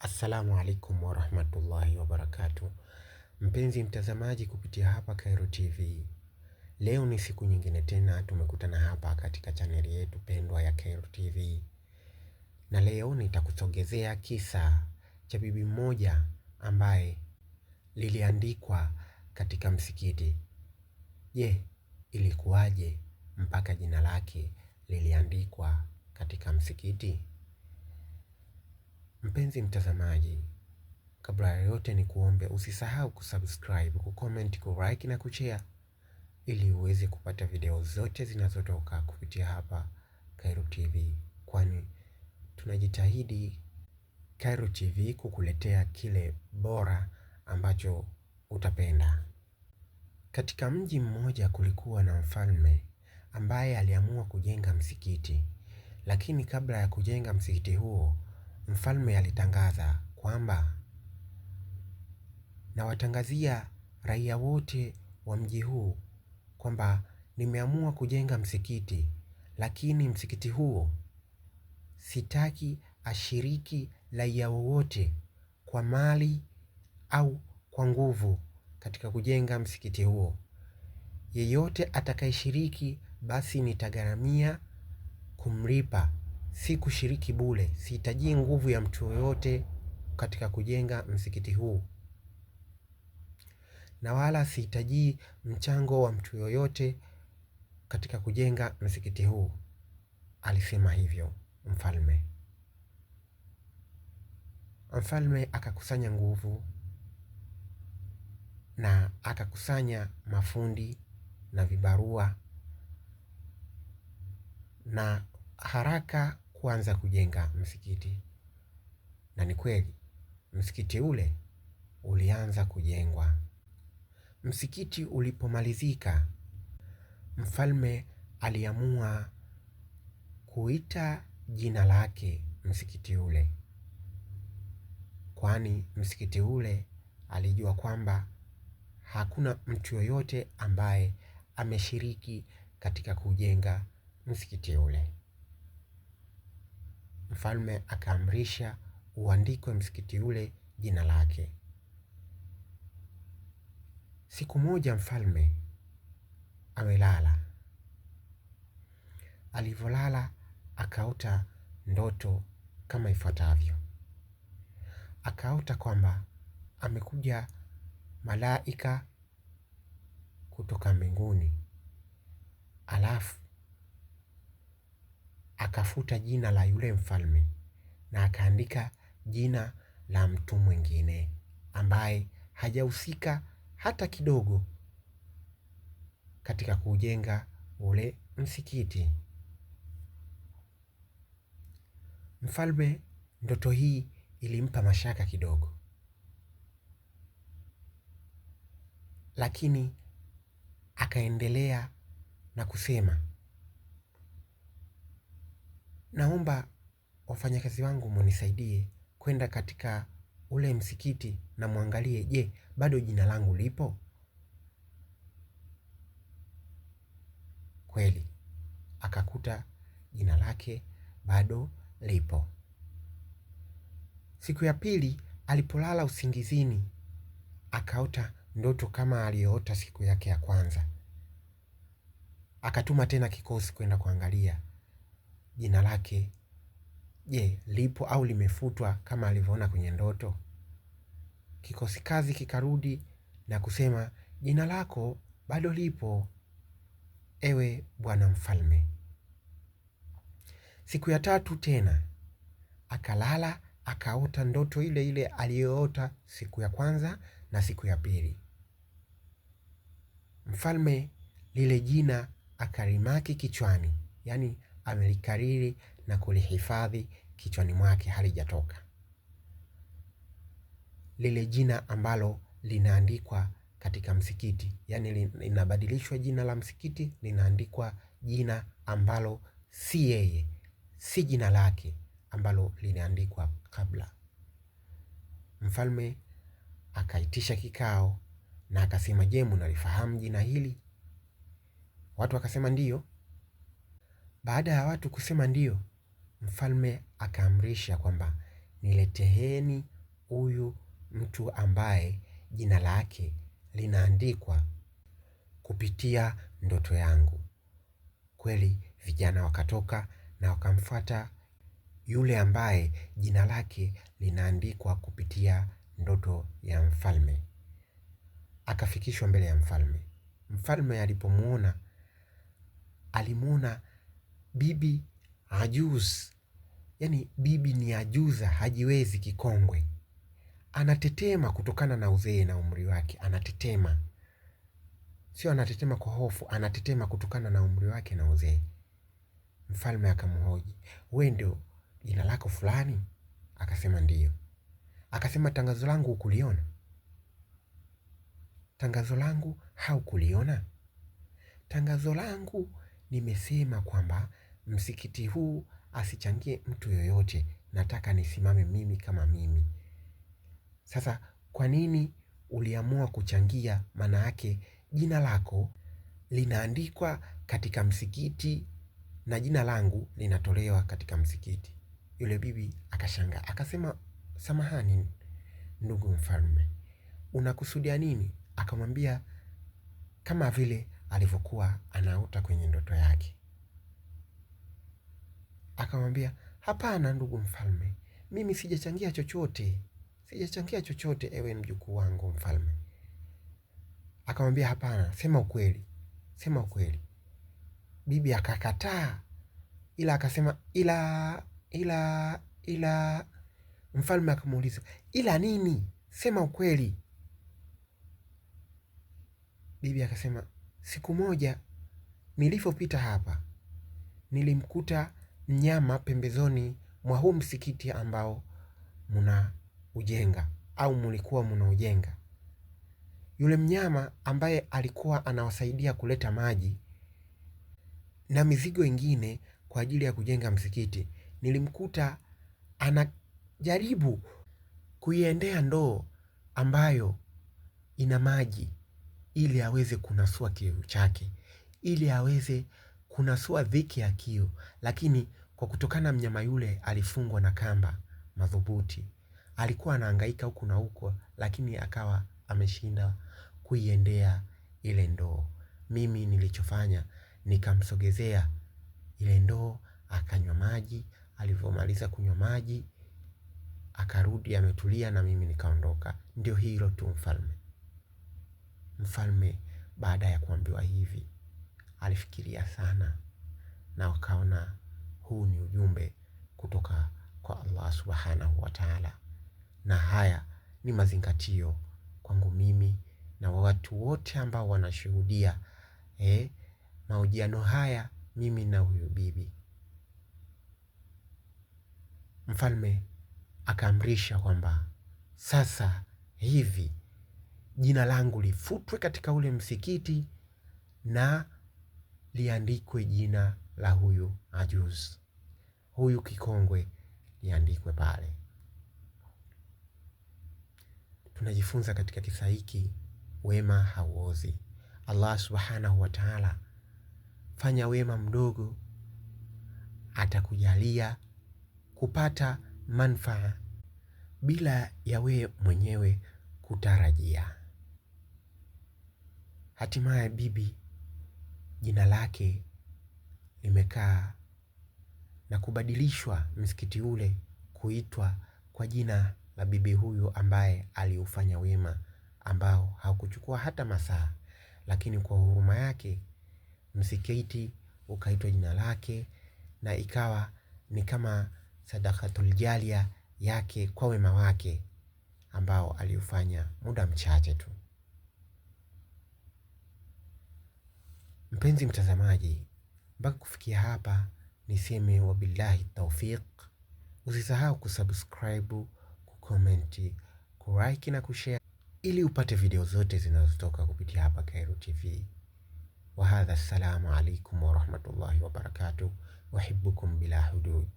Assalamu alaikum warahmatullahi wabarakatuh. Mpenzi mtazamaji kupitia hapa Khairo TV. Leo ni siku nyingine tena tumekutana hapa katika chaneli yetu pendwa ya Khairo TV. Na leo nitakusogezea kisa cha bibi mmoja ambaye liliandikwa katika msikiti. Je, ilikuwaje mpaka jina lake liliandikwa katika msikiti? Mpenzi mtazamaji, kabla ya yote ni kuombe usisahau kusubscribe, kucomment, kulike na kuchea ili uweze kupata video zote zinazotoka kupitia hapa Khairo TV, kwani tunajitahidi Khairo TV kukuletea kile bora ambacho utapenda. Katika mji mmoja kulikuwa na mfalme ambaye aliamua kujenga msikiti, lakini kabla ya kujenga msikiti huo Mfalme alitangaza kwamba nawatangazia raia wote wa mji huu kwamba nimeamua kujenga msikiti, lakini msikiti huo sitaki ashiriki raia wowote kwa mali au kwa nguvu katika kujenga msikiti huo. Yeyote atakayeshiriki basi nitagharamia kumlipa si kushiriki bure. Sihitaji nguvu ya mtu yoyote katika kujenga msikiti huu, na wala sihitaji mchango wa mtu yoyote katika kujenga msikiti huu. Alisema hivyo mfalme. Mfalme akakusanya nguvu na akakusanya mafundi na vibarua, na haraka kuanza kujenga msikiti. Na ni kweli msikiti ule ulianza kujengwa. Msikiti ulipomalizika, mfalme aliamua kuita jina lake msikiti ule, kwani msikiti ule alijua kwamba hakuna mtu yoyote ambaye ameshiriki katika kujenga msikiti ule mfalme akaamrisha uandikwe msikiti ule jina lake. Siku moja mfalme amelala, alivyolala akaota ndoto kama ifuatavyo. Akaota kwamba amekuja malaika kutoka mbinguni, alafu akafuta jina la yule mfalme na akaandika jina la mtu mwingine ambaye hajahusika hata kidogo katika kujenga ule msikiti. Mfalme, ndoto hii ilimpa mashaka kidogo, lakini akaendelea na kusema naomba wafanyakazi wangu munisaidie kwenda katika ule msikiti na mwangalie, je, bado jina langu lipo? Kweli akakuta jina lake bado lipo. Siku ya pili alipolala usingizini, akaota ndoto kama aliyoota siku yake ya kwanza. Akatuma tena kikosi kwenda kuangalia jina lake je lipo au limefutwa kama alivyoona kwenye ndoto. Kikosi kazi kikarudi na kusema jina lako bado lipo, ewe bwana mfalme. Siku ya tatu tena akalala, akaota ndoto ile ile aliyoota siku ya kwanza na siku ya pili. Mfalme lile jina akarimaki kichwani, yaani amelikariri na kulihifadhi kichwani mwake halijatoka. Lile jina ambalo linaandikwa katika msikiti, yaani linabadilishwa jina la msikiti, linaandikwa jina ambalo si yeye, si jina lake ambalo linaandikwa kabla. Mfalme akaitisha kikao na akasema, je, mnalifahamu jina hili? Watu wakasema ndiyo. Baada ya watu kusema ndiyo, mfalme akaamrisha kwamba nileteheni huyu mtu ambaye jina lake linaandikwa kupitia ndoto yangu. Kweli vijana wakatoka na wakamfuata yule ambaye jina lake linaandikwa kupitia ndoto ya mfalme. Akafikishwa mbele ya mfalme. Mfalme alipomwona, alimwona bibi ajuz, yani bibi ni ajuza, hajiwezi, kikongwe, anatetema kutokana na uzee na umri wake. Anatetema, sio anatetema kwa hofu, anatetema kutokana na umri wake na uzee. Mfalme akamhoji, we ndio jina lako fulani? Akasema ndiyo. Akasema tangazo langu hukuliona? Tangazo langu haukuliona? Tangazo langu nimesema kwamba msikiti huu asichangie mtu yoyote, nataka nisimame mimi kama mimi. Sasa kwa nini uliamua kuchangia? Maana yake jina lako linaandikwa katika msikiti na jina langu linatolewa katika msikiti. Yule bibi akashangaa akasema, samahani ndugu mfalme, unakusudia nini? Akamwambia kama vile alivyokuwa anaota kwenye ndoto yake. Akamwambia, hapana ndugu mfalme, mimi sijachangia chochote, sijachangia chochote, ewe mjukuu wangu mfalme. Akamwambia, hapana, sema ukweli, sema ukweli. Bibi akakataa, ila akasema, ila ila ila. Mfalme akamuuliza, ila nini? Sema ukweli. Bibi akasema, siku moja nilivyopita hapa nilimkuta mnyama pembezoni mwa huu msikiti ambao mnaujenga au mlikuwa mnaujenga. Yule mnyama ambaye alikuwa anawasaidia kuleta maji na mizigo ingine kwa ajili ya kujenga msikiti, nilimkuta anajaribu kuiendea ndoo ambayo ina maji ili aweze kunasua kiu chake, ili aweze kuna sua dhiki ya kiu, lakini kwa kutokana mnyama yule alifungwa na kamba madhubuti, alikuwa anahangaika huku na huko, lakini akawa ameshinda kuiendea ile ndoo. Mimi nilichofanya nikamsogezea ile ndoo, akanywa maji. Alivyomaliza kunywa maji, akarudi ametulia, na mimi nikaondoka. Ndio hilo tu mfalme. Mfalme baada ya kuambiwa hivi alifikiria sana na wakaona huu ni ujumbe kutoka kwa Allah subhanahu wa ta'ala, na haya ni mazingatio kwangu mimi na watu wote ambao wanashuhudia eh, mahojiano haya mimi na huyu bibi. Mfalme akaamrisha kwamba sasa hivi jina langu lifutwe katika ule msikiti na liandikwe jina la huyu ajuz huyu kikongwe liandikwe pale. Tunajifunza katika kisa hiki, wema hauozi. Allah subhanahu wa taala, fanya wema mdogo, atakujalia kupata manfaa bila ya wewe mwenyewe kutarajia. Hatimaye bibi jina lake limekaa na kubadilishwa msikiti ule kuitwa kwa jina la bibi huyu ambaye aliufanya wema ambao haukuchukua hata masaa, lakini kwa huruma yake msikiti ukaitwa jina lake na ikawa ni kama sadakatul jalia yake kwa wema wake ambao aliufanya muda mchache tu. Mpenzi mtazamaji, mpaka kufikia hapa niseme wabillahi taufiq. Usisahau kusubscribe, kukomenti, kulike na kushare ili upate video zote zinazotoka kupitia hapa Khairo TV. Wahadha, assalamu alaikum warahmatullahi wabarakatuh. Uhibbukum bila hudud.